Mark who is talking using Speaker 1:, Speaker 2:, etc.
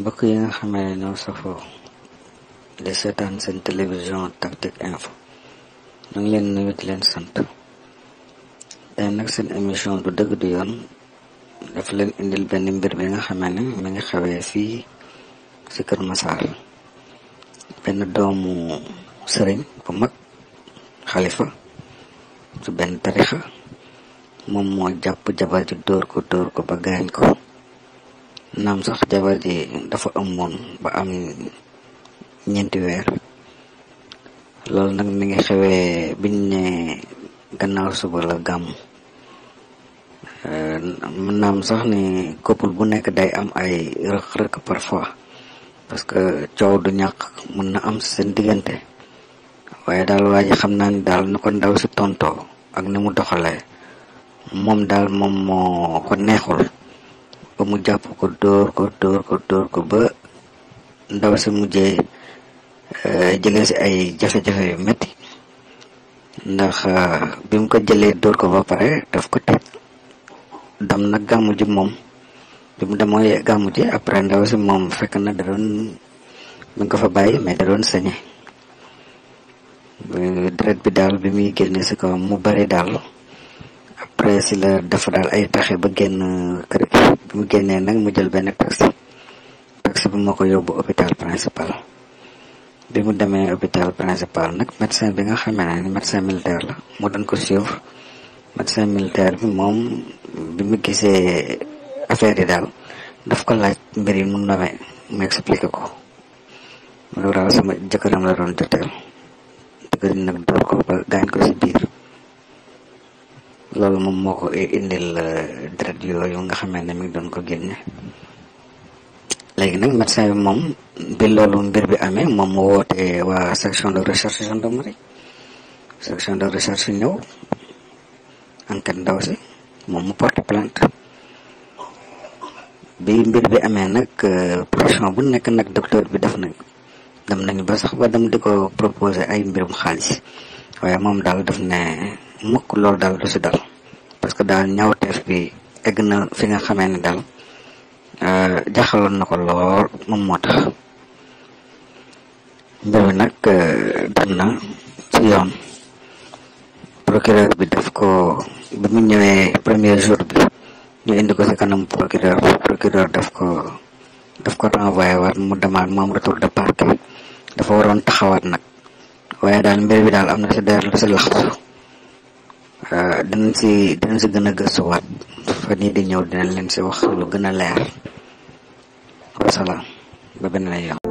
Speaker 1: mbokk yi nga xamee ne ñoo safoo di seetaan seen télévision Tactic Info ñu leen nuyu di leen sant tey nag seen émission du dëgg du yoon daf leen indil benn mbir bi nga xamee ne mi ngi xewee fii ci Kër Massar benn doomu sëriñ bu mag xalifa ci benn tarixa moom moo jàpp jabar ji dóor ko dóor ko ba gaañ ko naam sax jabar ji dafa am moon ba am ñeenti weer loolu nag mi ngi xewee biñ ne gannaaw suba la gàmm mën euh, naam sax ni couple bu nekk day am ay rëq-rëq parfois parce que coow du ñàkk mën na am seen diggante waaye daal waa xam naa ni daal nu ko ndaw si tonto ak ni mu doxalee moom daal moom moo ko neexul ba mu jàpp ko dóor ko dóor ko dóor ko ba ndaw sa mujjee eh, jëlee si ay jafe-jafe yu metti ndax eh, bi mu ko jëlee dóor ko ba pare daf ko teg dam nag gàmmu moom bi mu demoo gàmmu ji après ndaw si moom fekk na da doon ko fa bàyyi mais da doon sañe bi daal bi muy génne si ko mu bari daal après si la dafa daal ay taxe ba génn kër mu génnee nag mu jël benn taxi taxi bu ma ko yóbbu hôpital principal bi mu demee hôpital principal nag médecin bi nga xamee ne ni médecin militaire la mu doon ko suivre médecin militaire bi moom bi mu gisee affaire yi daal daf ko laaj mbir mu nome mu expliqué ko loolu daal sama jëkkëram la doon joteel jëkkër nag door ko ba gaañ ko si biir loolu moom moo ko indil euh, deret yooyu nga xamee ne mi ngi doon ko génne léegi nag médecin bi moom bi loolu mbir bi amee moom mu woote waa section de recherche gendarmerie section de recherche ñëw enquête ndaw si moom mu porte plainte bi mbir bi amee nag euh, profession bu nekk nag docteur bi def nañ dem nañu ba sax ba dem di ko proposer ay mbirum xaalis waaye moom daal def ne mukk loolu daal du si dal parce que daal ñawteef bi egg na fi nga xamee ne daal euh, jaaxaloon na ko lool moom moo tax mbir mi nag euh, dem na ci yoon procureur bi def ko bi mu ñëwee premier jour bi ñu indi ko si kanam procureur procureur daf ko daf ko war mu demande moom retour de parquet dafa waroon taxawaat nag waaye daal mbir bi daal am na si der lu si laxtu Euh, dinañ si dinañ si gën a gëstuwaat fan yii di ñëw dinañ leen si wax lu gën a leer wasalaam ba beneen yoon